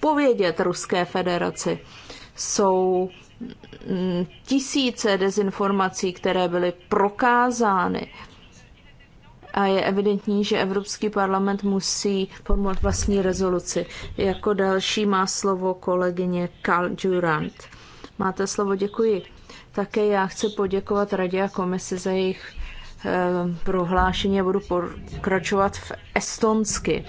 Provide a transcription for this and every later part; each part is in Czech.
odpovědět Ruské federaci. Jsou mm, tisíce dezinformací, které byly prokázány. A je evidentní, že Evropský parlament musí formovat vlastní rezoluci. Jako další má slovo kolegyně Karl Durant. Máte slovo, děkuji. Také já chci poděkovat Radě a komisi za jejich eh, prohlášení a budu pokračovat v estonsky.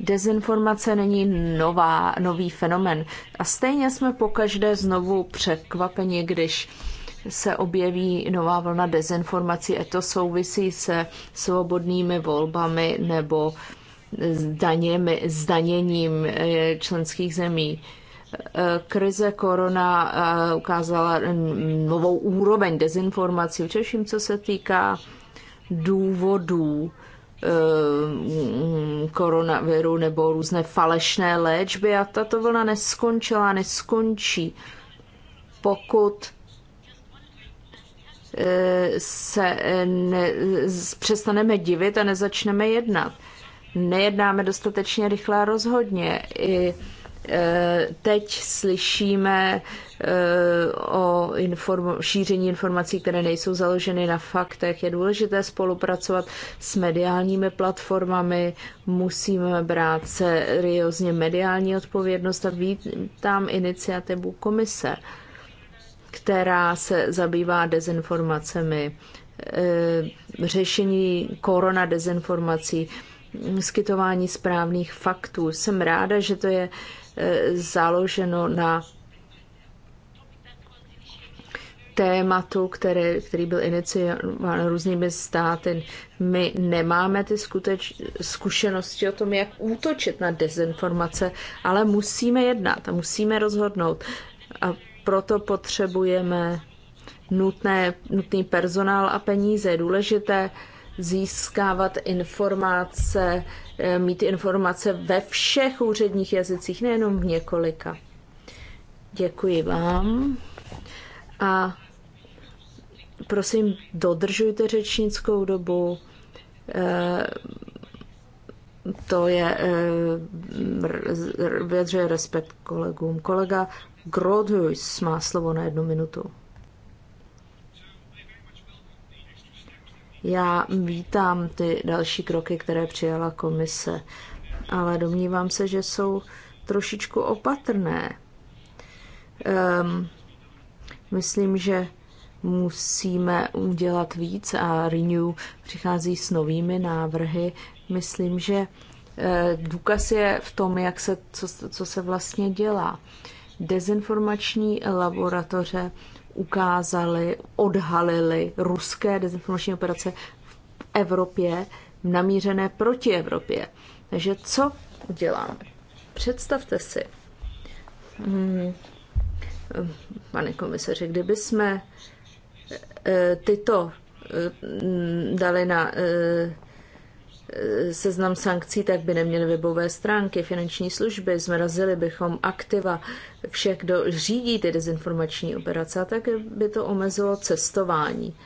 Dezinformace není nová, nový fenomen. A stejně jsme pokaždé znovu překvapeni, když se objeví nová vlna dezinformací. A to souvisí se svobodnými volbami nebo zdaněmi, zdaněním eh, členských zemí. Eh, krize korona eh, ukázala novou úroveň dezinformací, především co se týká důvodů Eh, koronaviru nebo různé falešné léčby a tato vlna neskončila, neskončí, pokud eh, se ne, přestaneme divit a nezačneme jednat. Nejednáme dostatečně rychle a rozhodně. I Eh, teď slyšíme eh, o inform- šíření informací, které nejsou založeny na faktech. Je důležité spolupracovat s mediálními platformami, musíme brát seriózně mediální odpovědnost a vítám iniciativu komise, která se zabývá dezinformacemi, eh, řešení korona dezinformací, mm, skytování správných faktů. Jsem ráda, že to je Eh, založeno na tématu, který, který byl iniciován různými státy. My nemáme ty skuteč, zkušenosti o tom, jak útočit na dezinformace, ale musíme jednat a musíme rozhodnout. A proto potřebujeme nutné, nutný personál a peníze. Je důležité uh, získávat informace, eh, mít informace ve všech úředních jazycích, nejenom v několika. Děkuji vám a prosím, dodržujte řečnickou dobu. Eh, to je eh, vyjadřuje respekt kolegům. Kolega Grodhuis má slovo na jednu minutu. Já vítám ty další kroky, které přijala komise, ale domnívám se, že jsou trošičku opatrné. Um, myslím, že musíme udělat víc a Renew přichází s novými návrhy. Myslím, že e, důkaz je v tom, jak se, co, co se vlastně dělá. Dezinformační laboratoře ukázali, odhalili ruské dezinformační operace v Evropě namířené proti Evropě. Takže co uděláme? Představte si, hmm, pane komisaři, kdyby jsme eh, tyto eh, dali na eh, Eh, seznam sankcí, tak by neměly webové stránky, finanční služby, zmrazili bychom aktiva všech, kdo řídí ty dezinformační operace, a tak by to omezilo cestování.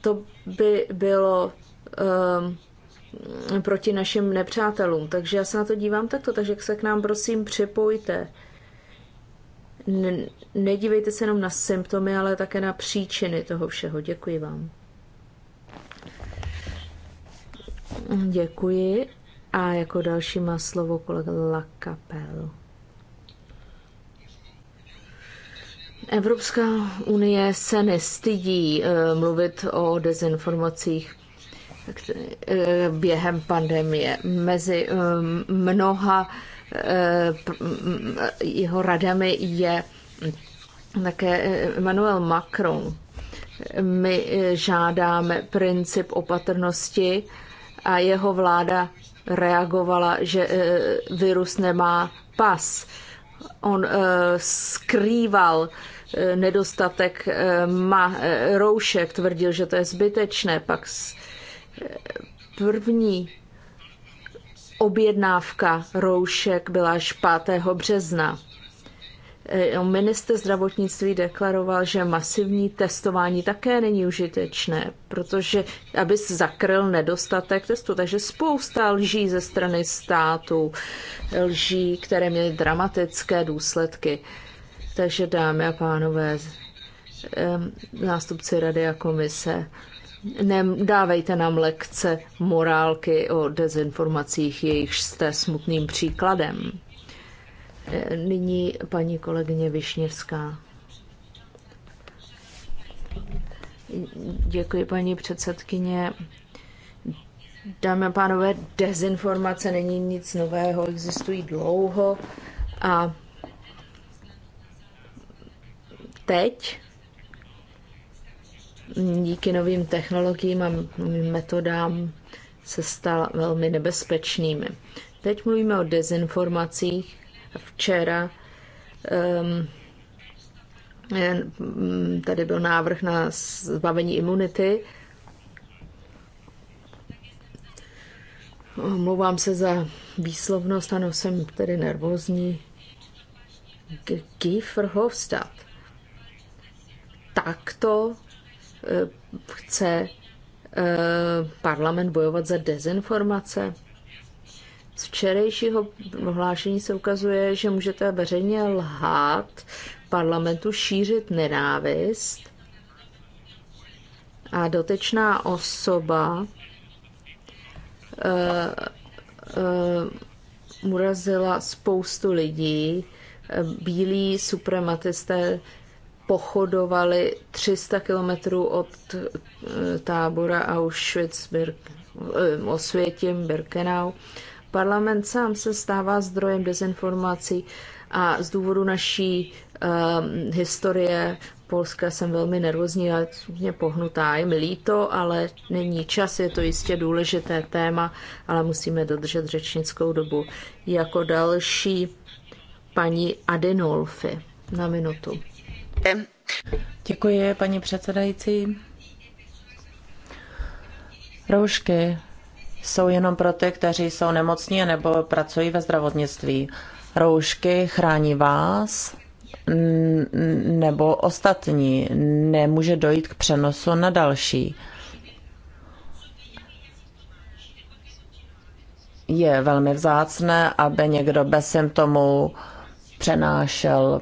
To by bylo um, proti našim nepřátelům. Takže já se na to dívám takto, takže se k nám prosím připojte. N- nedívejte se jenom na symptomy, ale také na příčiny toho všeho. Děkuji vám. Děkuji. A jako další má slovo kolega Lakapel. Evropská unie se nestydí eh, mluvit o dezinformacích eh, během pandemie. Mezi eh, mnoha jeho radami je také Emmanuel Macron. My žádáme princip opatrnosti, a jeho vláda reagovala, že e, virus nemá pas. On e, skrýval e, nedostatek ma, roušek, tvrdil, že to je zbytečné. Pak první objednávka roušek byla až 5. března. Eh, Minister zdravotnictví deklaroval, že masivní testování také není užitečné, protože aby zakryl nedostatek testů. Takže spousta lží ze strany státu, lží, které měly dramatické důsledky. Takže dámy a pánové, nástupci rady a komise, dávejte nám lekce morálky o dezinformacích, jejichž jste smutným příkladem. E, nyní paní kolegyně Višněvská. Děkuji, paní předsedkyně. Dámy a pánové, dezinformace není nic nového, existují dlouho a teď díky novým technologiím a metodám se stala velmi nebezpečnými. Teď mluvíme o dezinformacích, Včera um, tady byl návrh na zbavení imunity. Omlouvám se za výslovnost, ano, jsem tedy nervózní. Guy takto eh, chce eh, parlament bojovat za dezinformace? Z včerejšího prohlášení se ukazuje, že můžete veřejně lhát parlamentu, šířit nenávist a dotečná osoba uh, uh, urazila spoustu lidí. Bílí suprematisté pochodovali 300 kilometrů od eh, tábora Auschwitz, Birk, Osvětim, Birkenau Parlament sám se stává zdrojem dezinformací a z důvodu naší um, historie Polska jsem velmi nervózní a mě pohnutá. Je mi líto, ale není čas, je to jistě důležité téma, ale musíme dodržet řečnickou dobu. Jako další paní Adenolfi na minutu. Děkuji, paní předsedající. Roušky jsou jenom pro ty, kteří jsou nemocní nebo pracují ve zdravotnictví. Roušky chrání vás nebo ostatní. Nemůže dojít k přenosu na další. Je velmi vzácné, aby někdo bez symptomů přenášel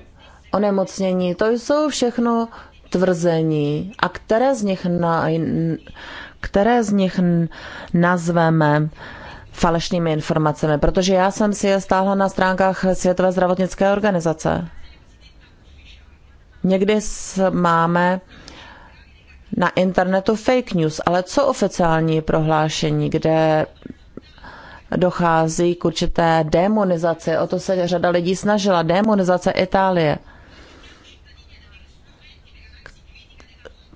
onemocnění. To jsou všechno tvrzení a které z nich, na, které z nich nazveme falešnými informacemi, protože já jsem si je stáhla na stránkách Světové zdravotnické organizace. Někdy máme na internetu fake news, ale co oficiální prohlášení, kde dochází k určité demonizaci, o to se řada lidí snažila, demonizace Itálie –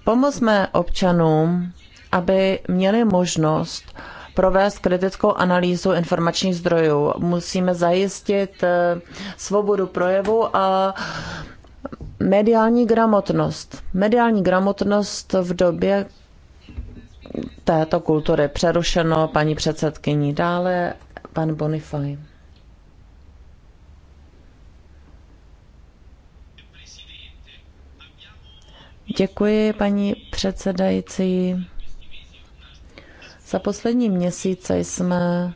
Pomozme občanům, aby měli možnost provést kritickou analýzu informačních zdrojů. Musíme zajistit eh, svobodu projevu a mediální gramotnost. Mediální gramotnost v době této kultury. Přerušeno paní předsedkyní. Dále pan Bonifaj. Děkuji, paní předsedající. Za poslední měsíce jsme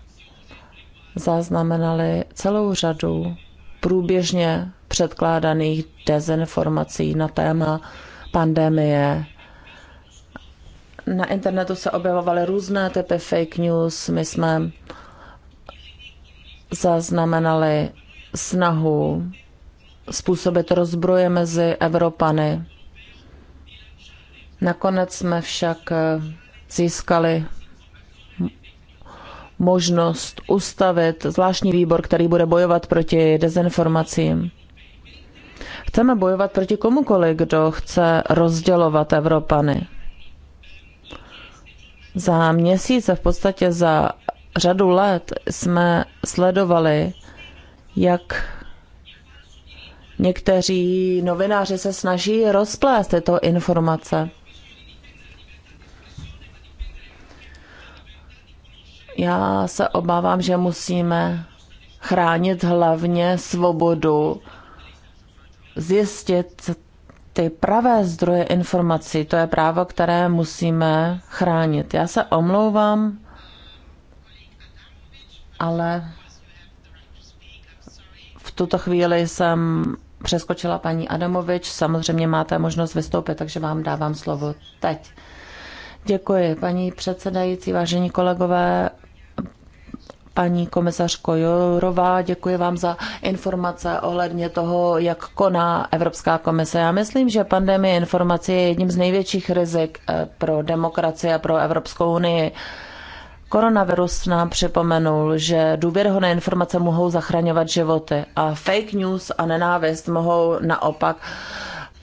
zaznamenali celou řadu průběžně předkládaných dezinformací na téma pandemie. Na internetu se objevovaly různé typy fake news. My jsme zaznamenali snahu způsobit rozbroje mezi Evropany Nakonec jsme však eh, získali možnost ustavit zvláštní výbor, který bude bojovat proti dezinformacím. Chceme bojovat proti komukoli, kdo chce rozdělovat Evropany. Za měsíce, v podstatě za řadu let, jsme sledovali, jak někteří novináři se snaží rozplést tyto informace. Já se obávám, že musíme chránit hlavně svobodu, zjistit ty pravé zdroje informací. To je právo, které musíme chránit. Já se omlouvám, ale v tuto chvíli jsem přeskočila paní Adamovič. Samozřejmě máte možnost vystoupit, takže vám dávám slovo teď. Děkuji, paní předsedající, vážení kolegové. Paní komisařko Jourová, děkuji vám za informace ohledně toho, jak koná Evropská komise. Já myslím, že pandemie informací je jedním z největších rizik eh, pro demokracii a pro Evropskou unii. Koronavirus nám připomenul, že důvěryhodné informace mohou zachraňovat životy a fake news a nenávist mohou naopak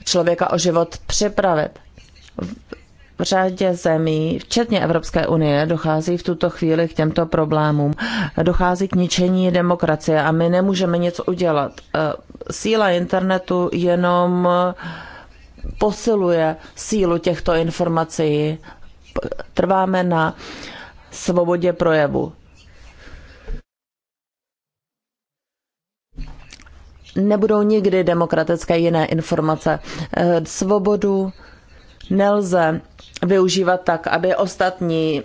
člověka o život připravit v řadě zemí, včetně Evropské unie, dochází v tuto chvíli k těmto problémům. Dochází k ničení demokracie a my nemůžeme nic udělat. Eh, síla internetu jenom posiluje sílu těchto informací. Trváme na svobodě projevu. Nebudou nikdy demokratické jiné informace. Eh, svobodu nelze využívat tak, aby ostatní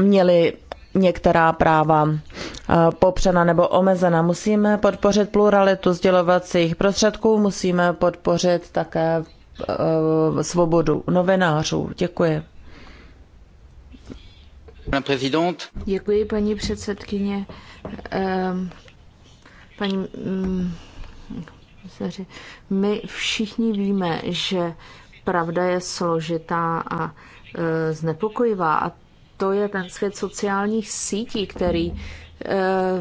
měli některá práva eh, popřena nebo omezena. Musíme podpořit pluralitu sdělovacích prostředků, musíme podpořit také eh, svobodu novinářů. Děkuji. Děkuji, paní předsedkyně. Ehm, paní, mm, my všichni víme, že pravda je složitá a e, znepokojivá. A to je ten svět sociálních sítí, který e,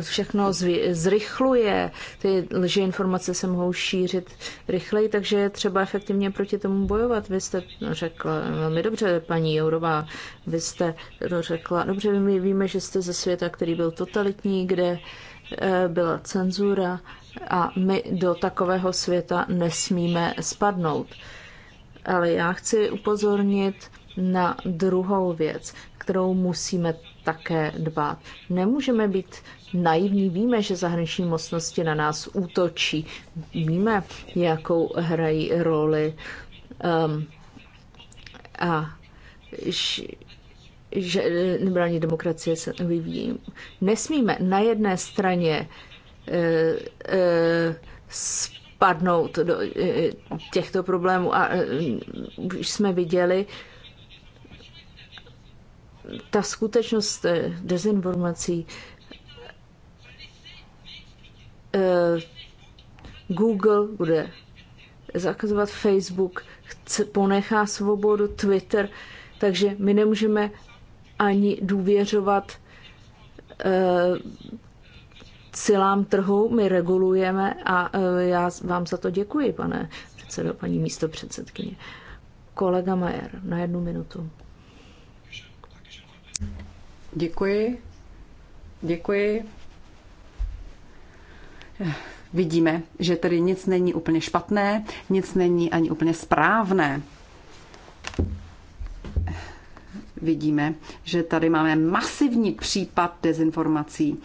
všechno zrychluje. Ty lži informace se mohou šířit rychleji, takže je třeba efektivně proti tomu bojovat. Vy jste řekla velmi dobře, paní Jourová, vy jste to řekla. Dobře, my víme, že jste ze světa, který byl totalitní, kde e, byla cenzura a my do takového světa nesmíme spadnout. E, ale já chci upozornit na druhou věc, kterou musíme také dbát. Nemůžeme být naivní, víme, že zahraniční mocnosti na nás útočí, víme, jakou hrají roli um, a že liberální demokracie se vyvíjí. Nesmíme na jedné straně uh, uh, padnout do eh, těchto problémů. A eh, už jsme viděli, ta skutečnost eh, dezinformací Google bude zakazovat Facebook, chce, ponechá svobodu Twitter, takže my nemůžeme ani důvěřovat silám trhu my regulujeme a e, já vám za to děkuji, pane předsedo, paní místo předsedkyně. Kolega Majer, na jednu minutu. Děkuji. Děkuji. Vidíme, že tedy nic není úplně špatné, nic není ani úplně správné. Vidíme, že tady máme masivní případ dezinformací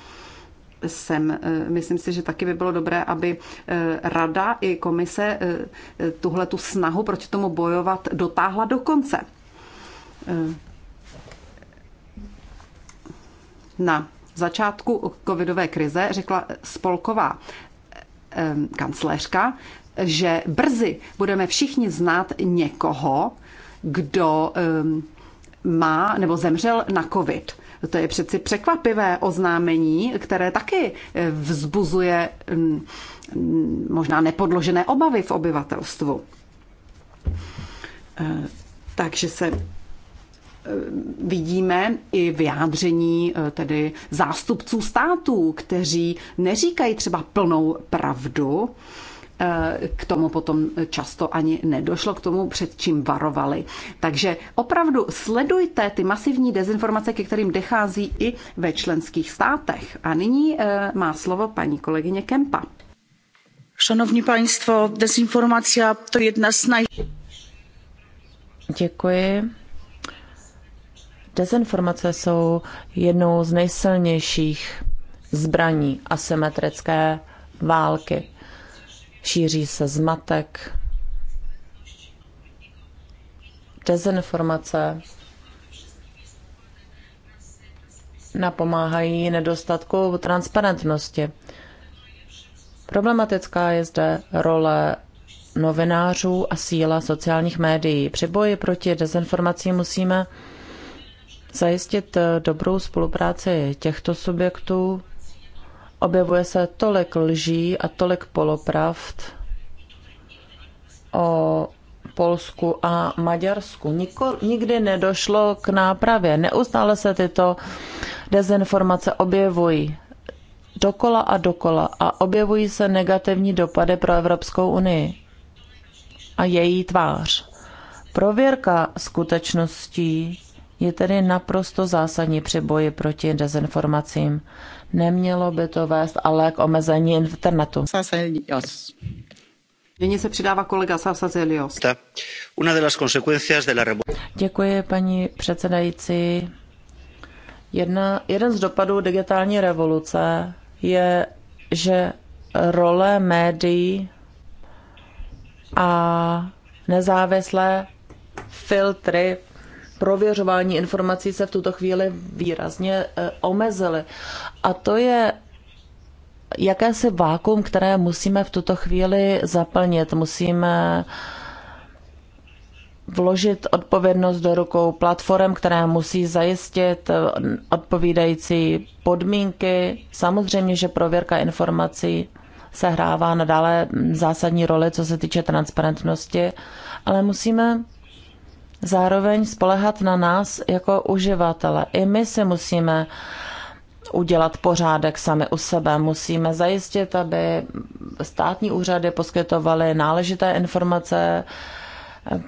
sem. Eh, myslím si, že taky by bylo dobré, aby eh, rada i komise eh, tuhle tu snahu proti tomu bojovat dotáhla do konce. Na začátku covidové krize řekla spolková kancléřka, že brzy budeme všichni znát někoho, kdo má nebo zemřel na covid. To je přeci překvapivé oznámení, které taky eh, vzbuzuje mm, mm, možná nepodložené obavy v obyvatelstvu. Eh, takže se eh, vidíme i vyjádření tedy zástupců států, kteří neříkají třeba plnou pravdu, Eh, k tomu potom často ani nedošlo, k tomu před čím varovali. Takže opravdu sledujte ty masivní dezinformace, ke kterým dechází i ve členských státech. A nyní eh, má slovo paní kolegyně Kempa. Szanowni Państwo, dezinformacja to jedna z naj... Děkuji. Dezinformace jsou jednou z nejsilnějších zbraní asymetrické války šíří se zmatek, dezinformace napomáhají nedostatku transparentnosti. Problematická je zde role novinářů a síla sociálních médií. Při boji proti dezinformacím musíme zajistit dobrou spolupráci těchto subjektů Objevuje se tolik lží a tolik polopravd o Polsku a Maďarsku. Niko, nikdy nedošlo k nápravě. Neustále se tyto dezinformace objevují dokola a dokola a objevují se negativní dopady pro Evropskou unii a její tvář. Prověrka skutečností je tedy naprosto zásadní při boji proti dezinformacím. Nemělo by to vést ale k omezení internetu. Nyní se přidává kolega Saselios. Una Děkuji, paní předsedající. Jedna, jeden z dopadů digitální revoluce je, že role médií a nezávislé filtry prověřování informací se v tuto chvíli výrazně eh, omezily. A to je jakési vákum, které musíme v tuto chvíli zaplnit. Musíme vložit odpovědnost do rukou platform, které musí zajistit eh, odpovídající podmínky. Samozřejmě, že prověrka informací sehrává nadále zásadní roli, co se týče transparentnosti, ale musíme zároveň spolehat na nás jako uživatele. I my si musíme udělat pořádek sami u sebe. Musíme zajistit, aby státní úřady poskytovaly náležité informace.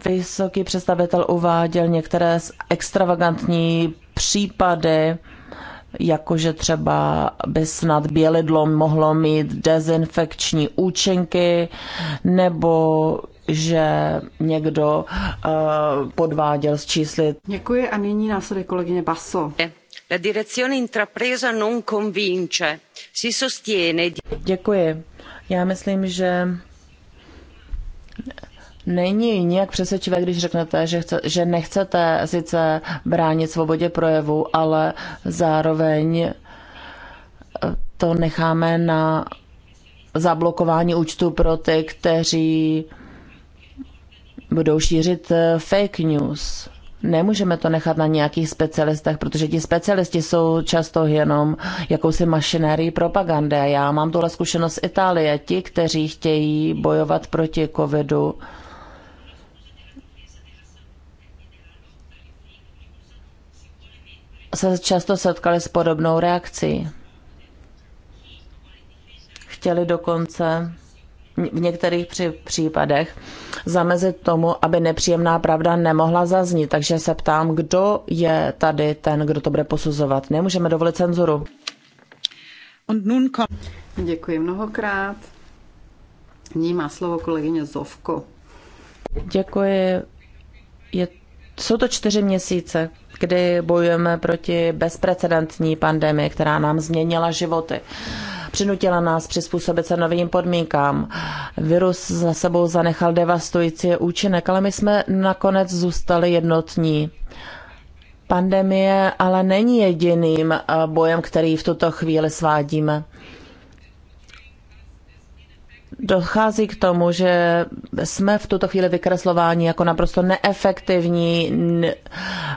Vysoký představitel uváděl některé z extravagantní případy, jakože třeba by snad bělidlo mohlo mít dezinfekční účinky nebo že někdo uh, podváděl s čísly. Děkuji a nyní následuje kolegyně Baso. La direzione intrapresa non convince. Si sostiene. Děkuji. Já myslím, že není nijak přesvědčivé, když řeknete, že, chce, že nechcete sice bránit svobodě projevu, ale zároveň eh, to necháme na zablokování účtu pro ty, kteří budou šířit eh, fake news. Nemůžeme to nechat na nějakých specialistech, protože ti specialisti jsou často jenom jakousi mašinérií propagandy. A já mám tuhle zkušenost z Itálie. Ti, kteří chtějí bojovat proti covidu, se často setkali s podobnou reakcí. Chtěli dokonce v některých případech zamezit tomu, aby nepříjemná pravda nemohla zaznít. Takže se ptám, kdo je tady ten, kdo to bude posuzovat. Nemůžeme dovolit cenzuru. Děkuji mnohokrát. Ní má slovo kolegyně Zovko. Děkuji. Je, jsou to čtyři měsíce, kdy bojujeme proti bezprecedentní pandemii, která nám změnila životy. Uh, Přinutila nás přizpůsobit se novým podmínkám. Virus za sebou zanechal devastující účinek, ale my jsme nakonec zůstali jednotní. Pandemie ale není jediným eh, bojem, který v tuto chvíli svádíme dochází k tomu, že jsme v tuto chvíli vykreslováni jako naprosto neefektivní,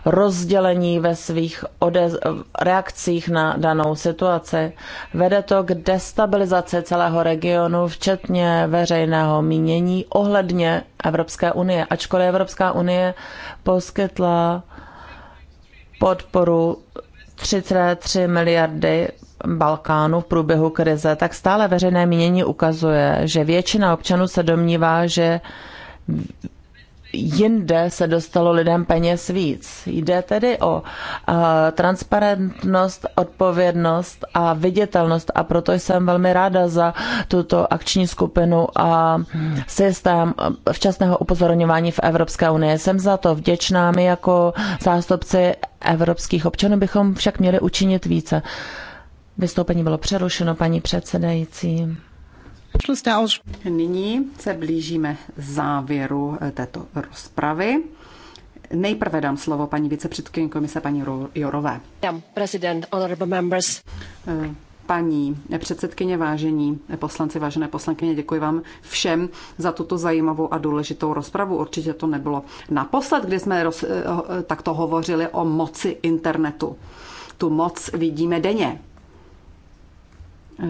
rozdělení ve svých reakcích na danou situaci. Vede to k destabilizaci celého regionu, včetně veřejného mínění ohledně Evropské unie. Ačkoliv Evropská unie poskytla podporu 3,3 miliardy Balkánu v průběhu krize, tak stále veřejné mínění ukazuje, že většina občanů se domnívá, že jinde se dostalo lidem peněz víc. Jde tedy o uh, transparentnost, odpovědnost a viditelnost a proto jsem velmi ráda za tuto akční skupinu a systém eh, včasného upozorňování v Evropské unii. Jsem za to vděčná. My jako zástupci evropských občanů bychom však měli učinit více. Uh, Vystoupení bylo přerušeno paní předsedající. Nyní se blížíme závěru eh, této rozpravy. Nejprve dám slovo paní vicepředsedkyni komise paní Jorové. Eh, paní předsedkyně, vážení poslanci, vážené poslankyně, děkuji vám všem za tuto zajímavou a důležitou rozpravu. Určitě to nebylo naposled, kdy jsme roz, eh, takto hovořili o moci internetu. Tu moc vidíme denně.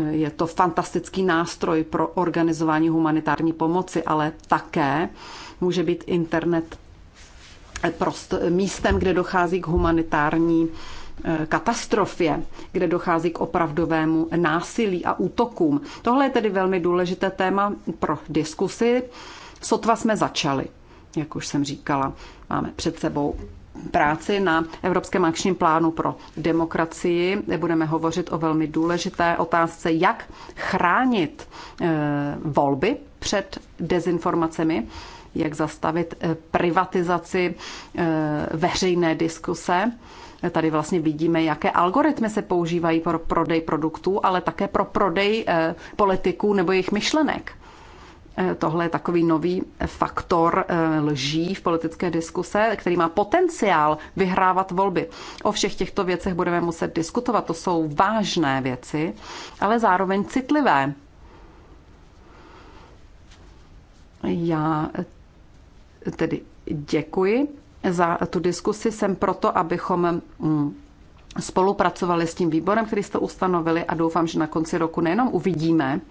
Je to fantastický nástroj pro organizování humanitární pomoci, ale také může být internet prost, místem, kde dochází k humanitární eh, katastrofě, kde dochází k opravdovému násilí a útokům. Tohle je tedy velmi důležité téma pro diskusy. Sotva jsme začali, jak už jsem říkala, máme před sebou práci na Evropském akčním plánu pro demokracii. Budeme hovořit o velmi důležité otázce, jak chránit eh, volby před dezinformacemi, jak zastavit eh, privatizaci eh, veřejné diskuse. Tady vlastně vidíme, jaké algoritmy se používají pro prodej produktů, ale také pro prodej politiků nebo jejich myšlenek. Eh, tohle je takový nový eh, faktor eh, lží v politické diskuse, který má potenciál vyhrávat volby. O všech těchto věcech budeme muset diskutovat. To jsou vážné věci, ale zároveň citlivé. Já tedy děkuji za tu diskusi. Jsem proto, abychom mm, spolupracovali s tím výborem, který jste ustanovili a doufám, že na konci roku nejenom uvidíme,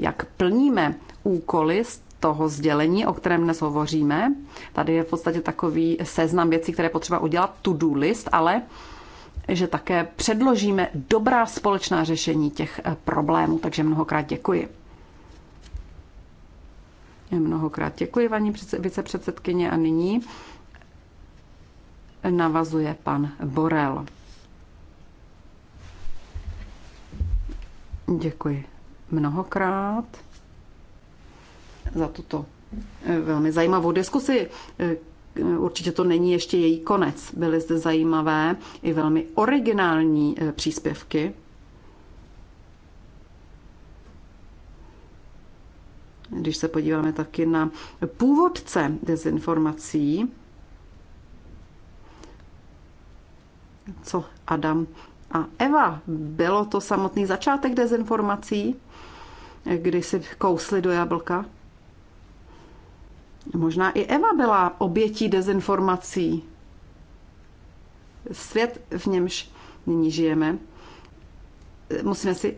jak plníme úkoly z toho sdělení, o kterém dnes hovoříme. Tady je v podstatě takový seznam věcí, které potřeba udělat, to-do list, ale že také předložíme dobrá společná řešení těch eh, problémů. Takže mnohokrát děkuji. Mnohokrát děkuji, paní vicepředsedkyně. A nyní navazuje pan Borel. Děkuji, mnohokrát za tuto eh, velmi zajímavou diskusi. Eh, určitě to není ještě její konec. Byly zde zajímavé i velmi originální eh, příspěvky. Když se podíváme taky na původce dezinformací, co Adam a Eva, bylo to samotný začátek dezinformací? kdy si kousli do jablka. Možná i Eva byla obětí dezinformací. Svět, v němž nyní žijeme, musíme si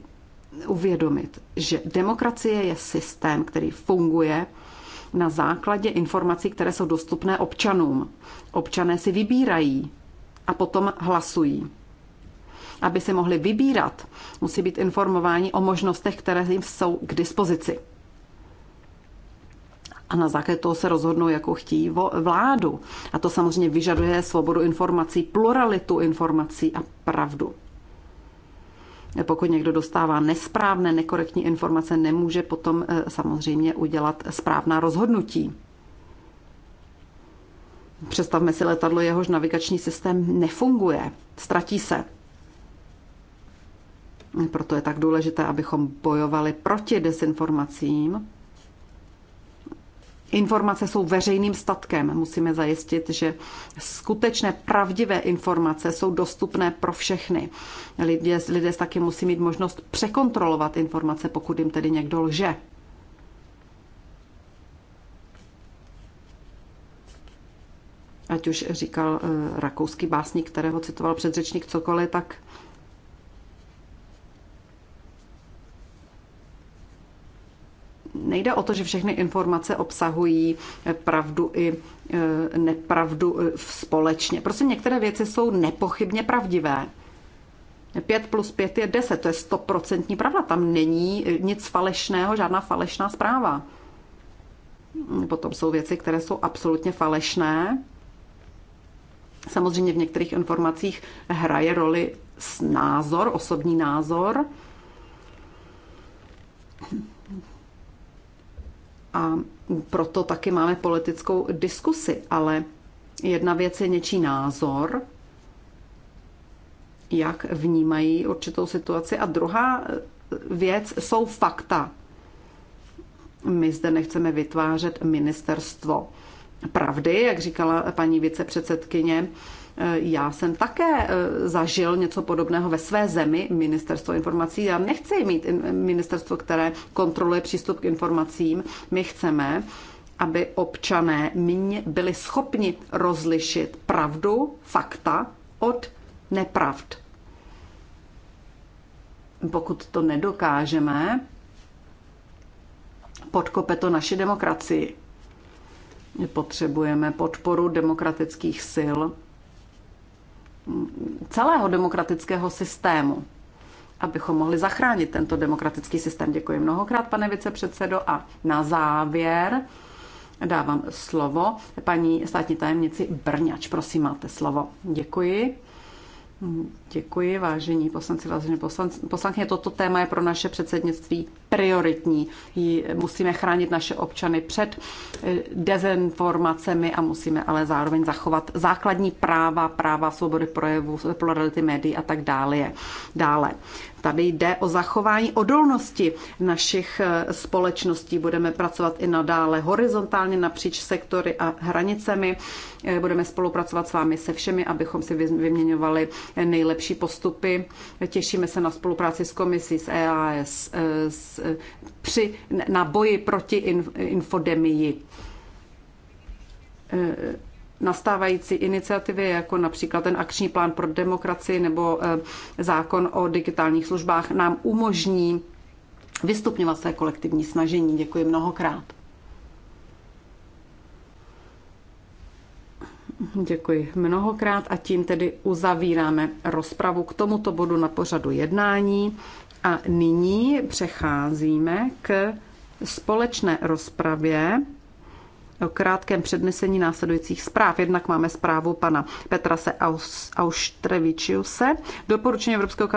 uvědomit, že demokracie je systém, který funguje na základě informací, které jsou dostupné občanům. Občané si vybírají a potom hlasují aby si mohli vybírat, musí být informováni o možnostech, které jim jsou k dispozici. A na základě toho se rozhodnou, jakou chtějí vládu. A to samozřejmě vyžaduje svobodu informací, pluralitu informací a pravdu. Pokud někdo dostává nesprávné, nekorektní informace, nemůže potom eh, samozřejmě udělat správná rozhodnutí. Představme si letadlo, jehož navigační systém nefunguje, ztratí se. Proto je tak důležité, abychom bojovali proti dezinformacím. Informace jsou veřejným statkem. Musíme zajistit, že skutečné pravdivé informace jsou dostupné pro všechny. Lidé, lidé taky musí mít možnost překontrolovat informace, pokud jim tedy někdo lže. Ať už říkal eh, rakouský básník, kterého citoval předřečník cokoliv, tak nejde o to, že všechny informace obsahují pravdu i e, nepravdu e, společně. Prostě některé věci jsou nepochybně pravdivé. 5 plus 5 je 10, to je stoprocentní pravda, tam není e, nic falešného, žádná falešná zpráva. Potom jsou věci, které jsou absolutně falešné. Samozřejmě v některých informacích hraje roli názor, osobní názor, a proto taky máme politickou diskusi, ale jedna věc je něčí názor, jak vnímají určitou situaci a druhá věc jsou fakta. My zde nechceme vytvářet ministerstvo pravdy, jak říkala paní vicepředsedkyně Eh, já jsem také eh, zažil něco podobného ve své zemi, ministerstvo informací. Já nechci mít ministerstvo, které kontroluje přístup k informacím. My chceme, aby občané mě byli schopni rozlišit pravdu, fakta od nepravd. Pokud to nedokážeme, podkope to naši demokracii. Potřebujeme podporu demokratických sil celého demokratického systému, abychom mohli zachránit tento demokratický systém. Děkuji mnohokrát, pane vicepředsedo. A na závěr dávám slovo paní státní tajemnici Brňač. Prosím, máte slovo. Děkuji. Děkuji, vážení poslanci, vážení poslanci. Poslankyně, toto téma je pro naše předsednictví prioritní. Musíme chránit naše občany před eh, dezinformacemi a musíme ale zároveň zachovat základní práva, práva svobody projevu, plurality médií a tak dále. dále. Tady jde o zachování odolnosti našich eh, společností. Budeme pracovat i nadále horizontálně napříč sektory a hranicemi. Eh, budeme spolupracovat s vámi se všemi, abychom si vyměňovali nejlepší postupy. Těšíme se na spolupráci s komisí, s EAS, s, eh, při, na boji proti infodemii nastávající iniciativy, jako například ten akční plán pro demokracii nebo eh, zákon o digitálních službách, nám umožní vystupňovat své kolektivní snažení. Děkuji mnohokrát. Děkuji mnohokrát a tím tedy uzavíráme rozpravu k tomuto bodu na pořadu jednání. A nyní přecházíme k společné rozpravě krátkém přednesení následujících zpráv. Jednak máme zprávu pana Petra se Auštrevičiuse, doporučení Evropského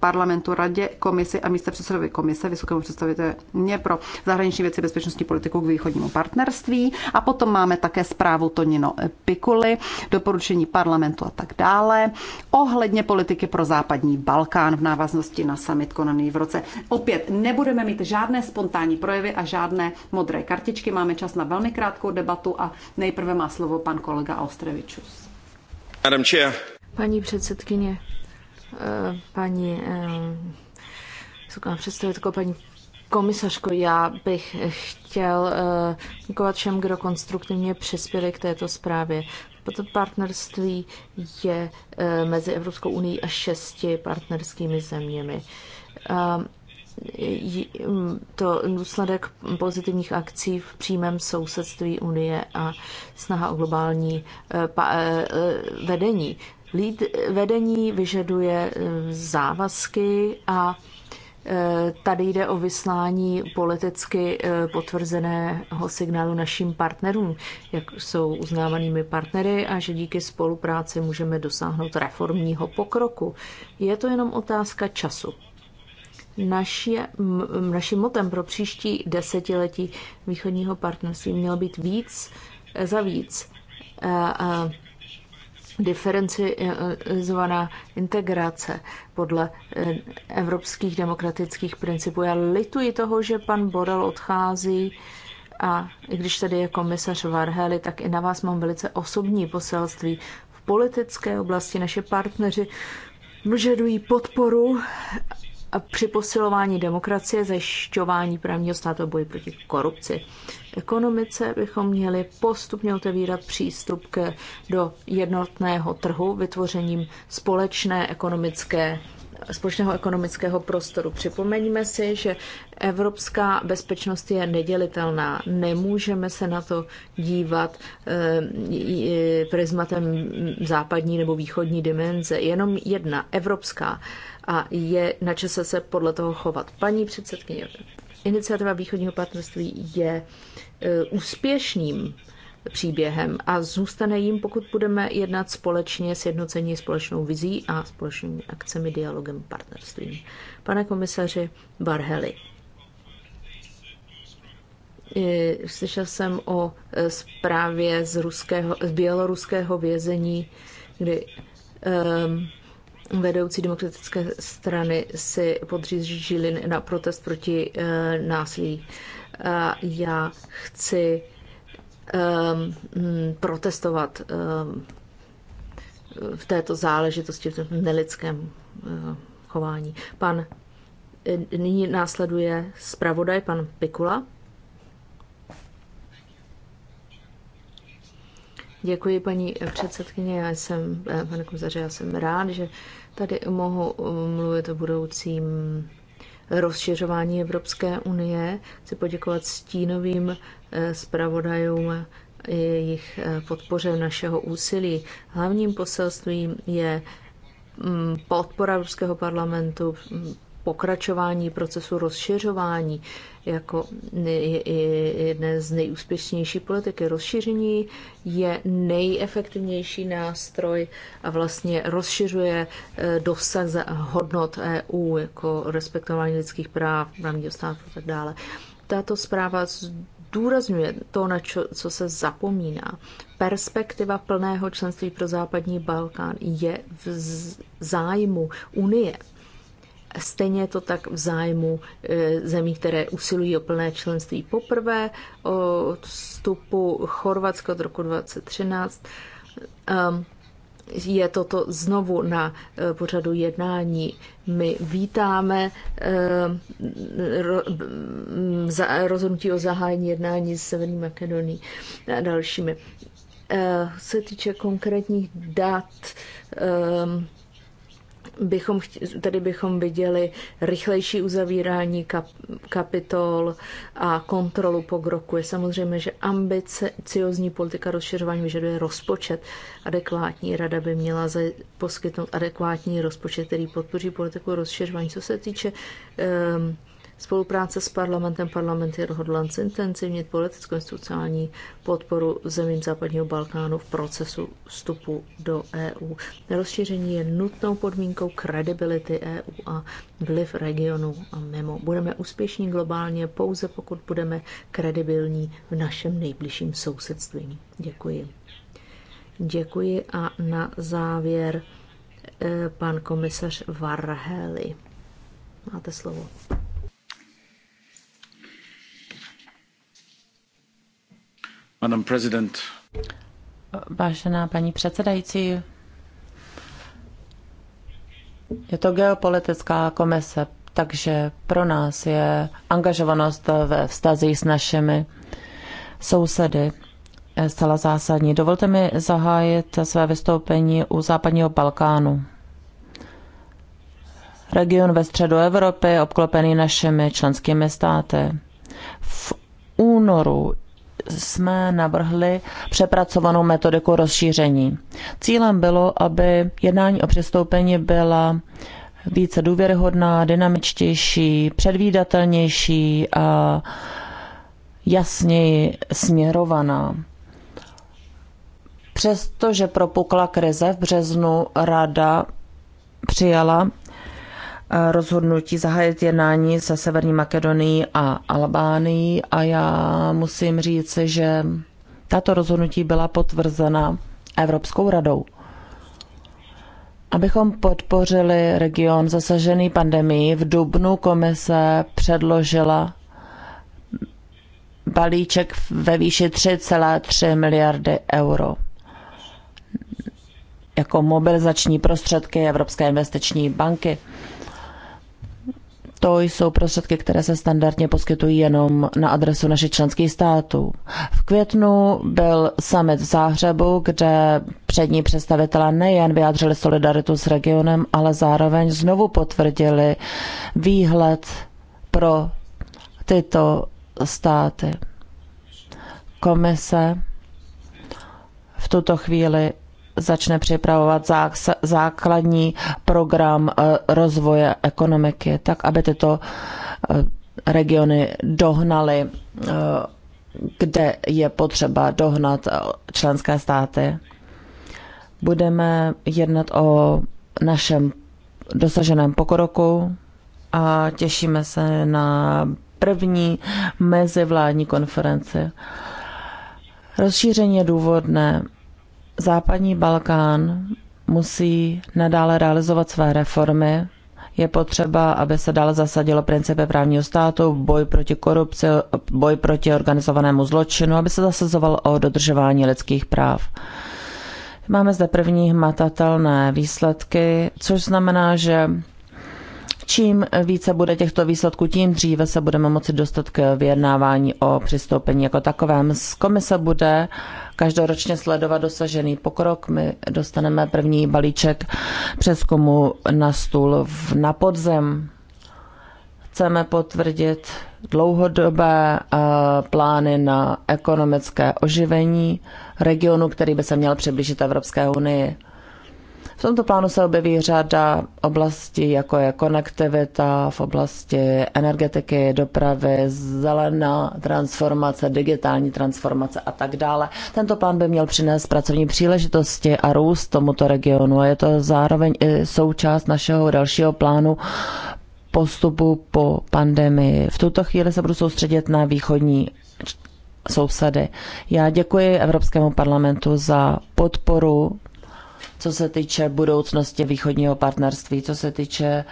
parlamentu radě, komisi a místa předsedovi komise, vysokému mě pro zahraniční věci bezpečnostní politiku k východnímu partnerství. A potom máme také zprávu Tonino Pikuly, doporučení parlamentu a tak dále, ohledně politiky pro západní Balkán v návaznosti na summit konaný v roce. Opět nebudeme mít žádné spontánní projevy a žádné modré kartičky. Máme čas na velmi krátké krátkou debatu a nejprve má slovo pan kolega Austrevičus. Paní předsedkyně, eh, paní eh, vysoká představitelko, paní komisařko, já bych chtěl eh, děkovat všem, kdo konstruktivně přispěli k této zprávě. Toto partnerství je mezi Evropskou unii a šesti partnerskými zeměmi. Hm, to důsledek pozitivních akcí v přímém sousedství Unie a snaha o globální eh, eh, eh, vedení. Lid vedení vyžaduje závazky a tady jde o vyslání politicky potvrzeného signálu našim partnerům, jak jsou uznávanými partnery a že díky spolupráci můžeme dosáhnout reformního pokroku. Je to jenom otázka času naše, naším motem pro příští desetiletí východního partnerství měl být víc za víc. A, eh, a eh, diferencizovaná integrace podle eh, evropských demokratických principů. Já lituji toho, že pan Borel odchází a i když tady je komisař Varhely, tak i na vás mám velice osobní poselství. V politické oblasti naše partneři vyžadují podporu a při posilování demokracie, zajišťování právního státu a boji proti korupci. ekonomice bychom měli postupně otevírat přístup k, do jednotného trhu vytvořením společné ekonomické společného ekonomického prostoru. Připomeňme si, že evropská bezpečnost je nedělitelná. Nemůžeme se na to dívat eh, prismatem západní nebo východní dimenze. Jenom jedna, evropská a je na čase se podle toho chovat. Paní předsedkyně, iniciativa východního partnerství je e, úspěšným příběhem a zůstane jim, pokud budeme jednat společně, s jednocení společnou vizí a společnými akcemi, dialogem, partnerstvím. Pane komisaři Barheli, e, slyšel jsem o e, zprávě z, ruského, z běloruského vězení, kdy um, vedoucí demokratické strany si podřížili na protest proti uh, násilí. E, já chci um, protestovat e, v této záležitosti, v tom nelidském uh, chování. Pan, eh, nyní následuje zpravodaj, pan Pikula. Děkuji, paní předsedkyně. Já jsem, eh, pane komisaře, já jsem rád, že tady mohu eh, mluvit o budoucím rozšiřování Evropské unie. Chci poděkovat stínovým eh, zpravodajům jejich podpoře našeho úsilí. Hlavním poselstvím je mm, podpora Evropského parlamentu pokračování procesu rozšiřování jako jedné z nejúspěšnější politiky. Rozšíření je nejefektivnější nástroj a vlastně rozšiřuje eh, dosah hodnot EU, jako respektování lidských práv, právního státu a tak dále. Tato zpráva zdůrazňuje to, na čo, co se zapomíná. Perspektiva plného členství pro západní Balkán je v zájmu Unie Stejně je to tak v zájmu e, zemí, které usilují o plné členství poprvé o vstupu Chorvatska od roku 2013. Je toto znovu na e, pořadu jednání. My vítáme e, rozhodnutí o zahájení jednání s Severní Makedonií a dalšími. Se týče konkrétních dat, bychom, tedy bychom viděli rychlejší uzavírání kap, kapitol a kontrolu groku. Je samozřejmě, že ambiciozní politika rozšiřování vyžaduje rozpočet. Adekvátní rada by měla poskytnout adekvátní rozpočet, který podpoří politiku rozšiřování. Co se týče um, Spolupráce s parlamentem, parlament je hodlan zintenzivnit politickou institucionální podporu zemím západního Balkánu v procesu vstupu do EU. Rozšíření je nutnou podmínkou kredibility EU a vliv regionu a mimo. Budeme úspěšní globálně pouze pokud budeme kredibilní v našem nejbližším sousedství. Děkuji. Děkuji a na závěr eh, pan komisař Varhely. Máte slovo. Madam President. Vážená paní předsedající, je to geopolitická komise, takže pro nás je angažovanost ve vztazích s našimi sousedy zcela zásadní. Dovolte mi zahájit své vystoupení u západního Balkánu. Region ve středu Evropy obklopený našimi členskými státy. V únoru jsme navrhli přepracovanou metodiku rozšíření. Cílem bylo, aby jednání o přestoupení byla více důvěryhodná, dynamičtější, předvídatelnější a jasněji směrovaná. Přestože propukla krize v březnu, rada přijala rozhodnutí zahájit jednání se Severní Makedonií a Albánií a já musím říct, že tato rozhodnutí byla potvrzena Evropskou radou. Abychom podpořili region zasažený pandemií, v dubnu komise předložila balíček ve výši 3,3 miliardy euro jako mobilizační prostředky Evropské investiční banky. To jsou prostředky, které se standardně poskytují jenom na adresu našich členských států. V květnu byl summit v Záhřebu, kde přední představitelé nejen vyjádřili solidaritu s regionem, ale zároveň znovu potvrdili výhled pro tyto státy. Komise v tuto chvíli začne připravovat základní program eh, rozvoje ekonomiky, tak aby tyto eh, regiony dohnaly, eh, kde je potřeba dohnat členské státy. Budeme jednat o našem dosaženém pokroku a těšíme se na první mezivládní konferenci. Rozšíření je důvodné západní Balkán musí nadále realizovat své reformy. Je potřeba, aby se dále zasadilo principy právního státu, boj proti korupci, boj proti organizovanému zločinu, aby se zasazoval o dodržování lidských práv. Máme zde první hmatatelné výsledky, což znamená, že Čím více bude těchto výsledků, tím dříve se budeme moci dostat k vyjednávání o přistoupení jako takovém. Z komise bude každoročně sledovat dosažený pokrok. My dostaneme první balíček přeskumu na stůl na podzem. Chceme potvrdit dlouhodobé eh, plány na ekonomické oživení regionu, který by se měl přiblížit Evropské unii tomto plánu se objeví řada oblastí, jako je konektivita v oblasti energetiky, dopravy, zelená transformace, digitální transformace a tak dále. Tento plán by měl přinést pracovní příležitosti a růst tomuto regionu a je to zároveň i součást našeho dalšího plánu postupu po pandemii. V tuto chvíli se budu soustředit na východní sousedy. Já děkuji Evropskému parlamentu za podporu co se týče budoucnosti východního partnerství, co se týče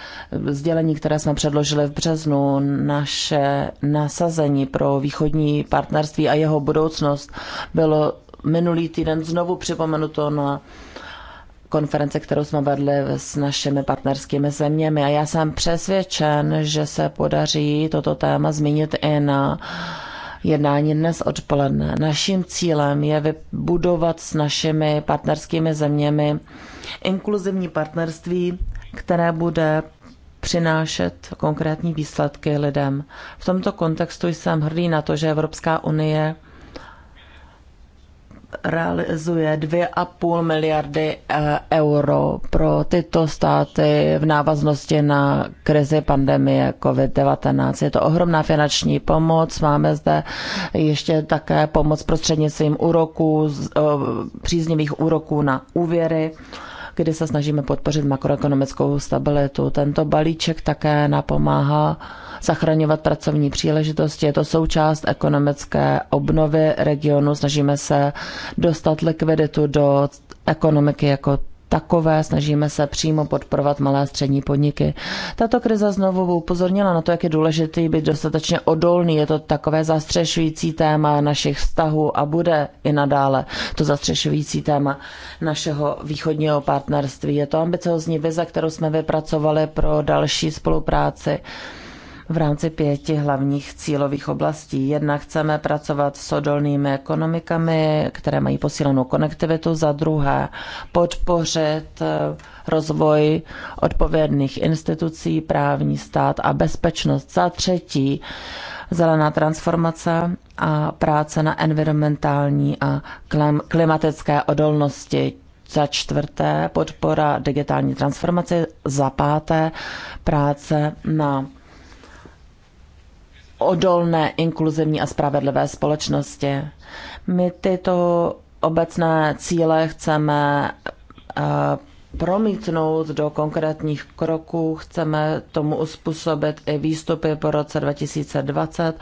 sdělení, které jsme předložili v březnu, naše nasazení pro východní partnerství a jeho budoucnost bylo minulý týden znovu připomenuto na konference, kterou jsme vedli s našimi partnerskými zeměmi. A já jsem přesvědčen, že se podaří toto téma zmínit i na jednání dnes odpoledne. Naším cílem je vybudovat s našimi partnerskými zeměmi inkluzivní partnerství, které bude přinášet konkrétní výsledky lidem. V tomto kontextu jsem hrdý na to, že Evropská unie realizuje 2,5 miliardy eh, euro pro tyto státy v návaznosti na krizi pandemie COVID-19. Je to ohromná finanční pomoc. Máme zde ještě také pomoc prostřednictvím úroků, eh, příznivých úroků na úvěry kdy se snažíme podpořit makroekonomickou stabilitu. Tento balíček také napomáhá zachraňovat pracovní příležitosti. Je to součást ekonomické obnovy regionu. Snažíme se dostat likviditu do ekonomiky jako takové, snažíme se přímo podporovat malé a střední podniky. Tato krize znovu upozornila na to, jak je důležitý být dostatečně odolný. Je to takové zastřešující téma našich vztahů a bude i nadále to zastřešující téma našeho východního partnerství. Je to ambiciozní vize, kterou jsme vypracovali pro další spolupráci v rámci pěti hlavních cílových oblastí. Jedna chceme pracovat s odolnými ekonomikami, které mají posílenou konektivitu, za druhé podpořit eh, rozvoj odpovědných institucí, právní stát a bezpečnost, za třetí zelená transformace a práce na environmentální a klimatické odolnosti za čtvrté podpora digitální transformace, za páté práce na odolné, inkluzivní a spravedlivé společnosti. My tyto obecné cíle chceme eh, promítnout do konkrétních kroků. Chceme tomu uspůsobit i výstupy po roce 2020,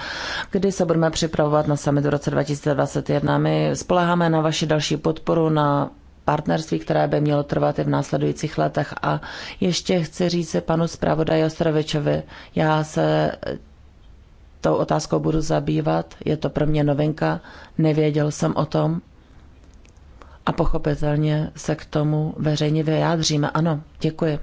kdy se budeme připravovat na summit v roce 2021. My spoleháme na vaši další podporu, na partnerství, které by mělo trvat i v následujících letech. A ještě chci říct si panu zpravodaji Ostrovičovi, já se tou otázkou budu zabývat. Je to pro mě novinka, nevěděl jsem o tom. A pochopitelně se k tomu veřejně vyjádříme. Ano, děkuji.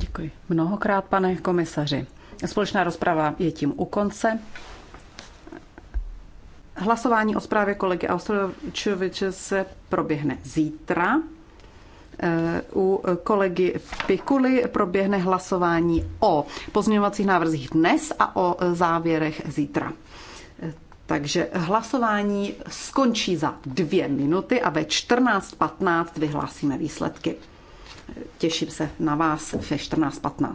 Děkuji mnohokrát, pane komisaři. Společná rozprava je tím u konce. Hlasování o zprávě kolegy Austrovičoviče se proběhne zítra. Eh, u kolegy Pikuly proběhne hlasování o pozměňovacích návrzích dnes a o eh, závěrech zítra. Eh, takže hlasování skončí za dvě minuty a ve 14.15 vyhlásíme výsledky. Těším se na vás ve 14.15.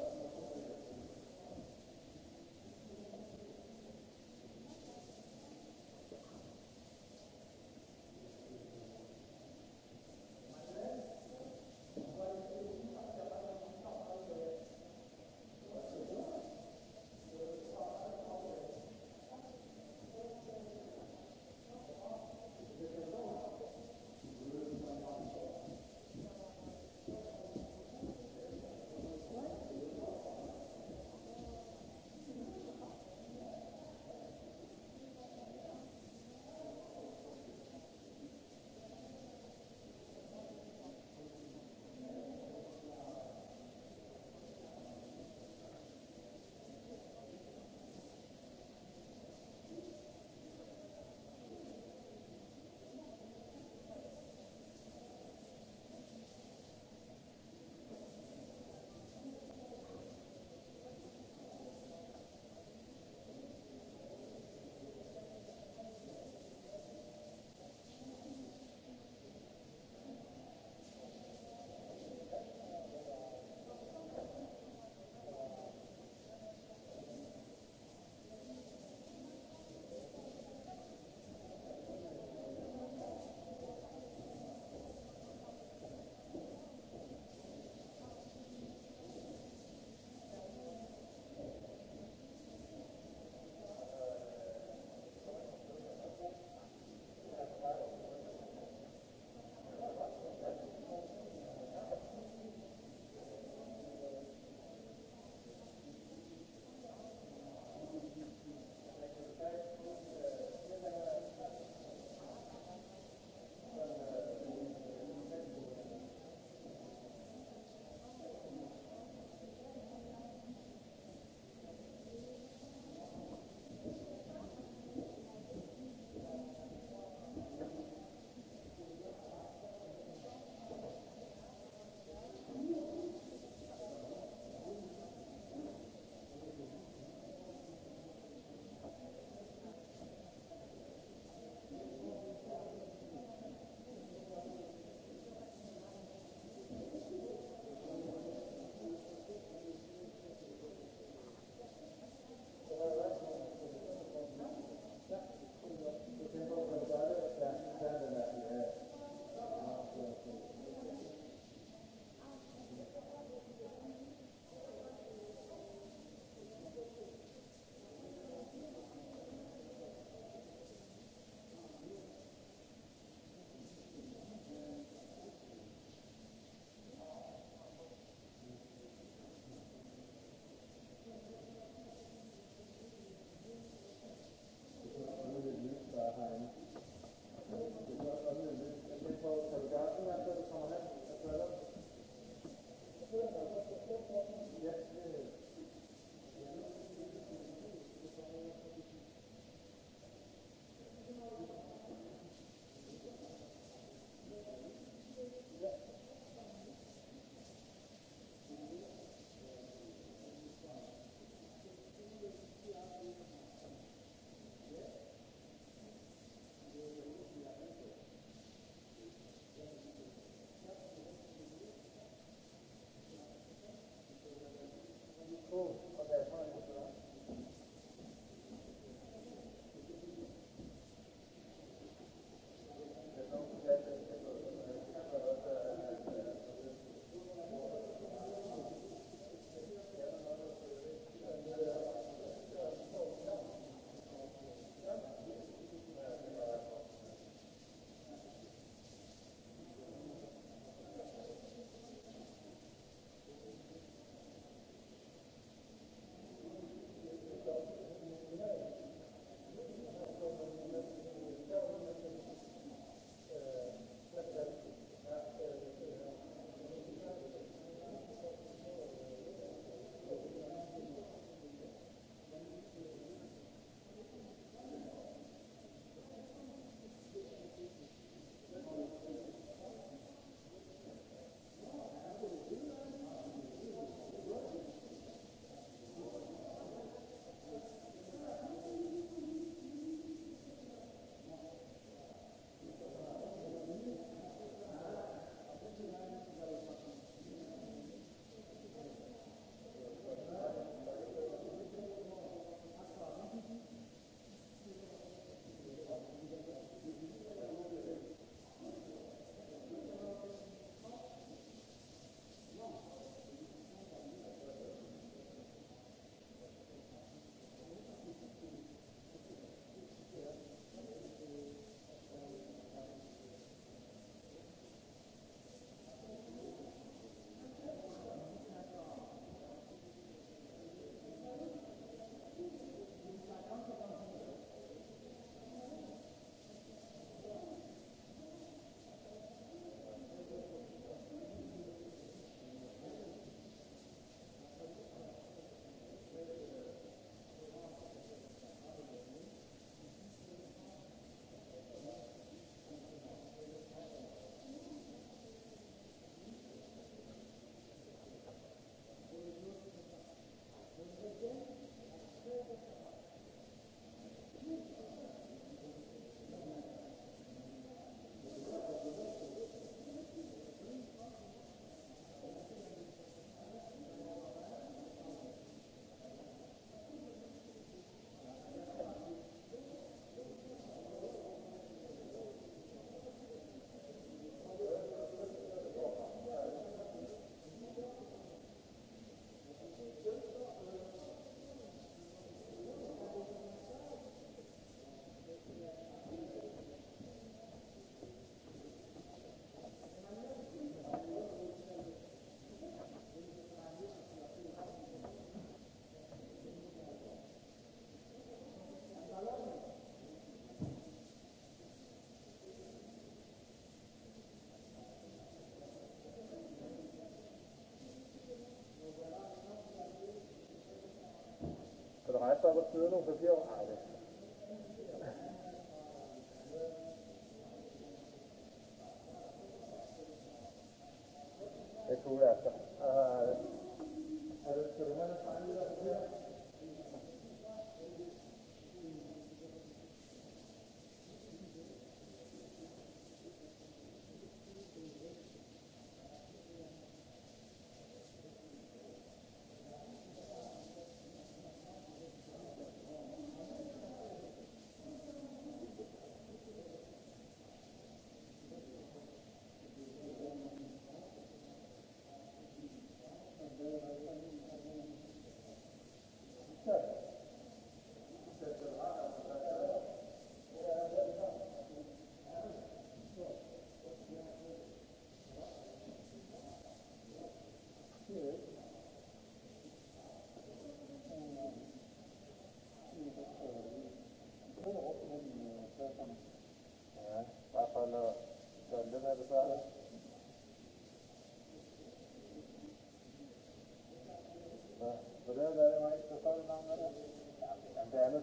nog zoveel aarde.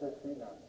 inte finnas.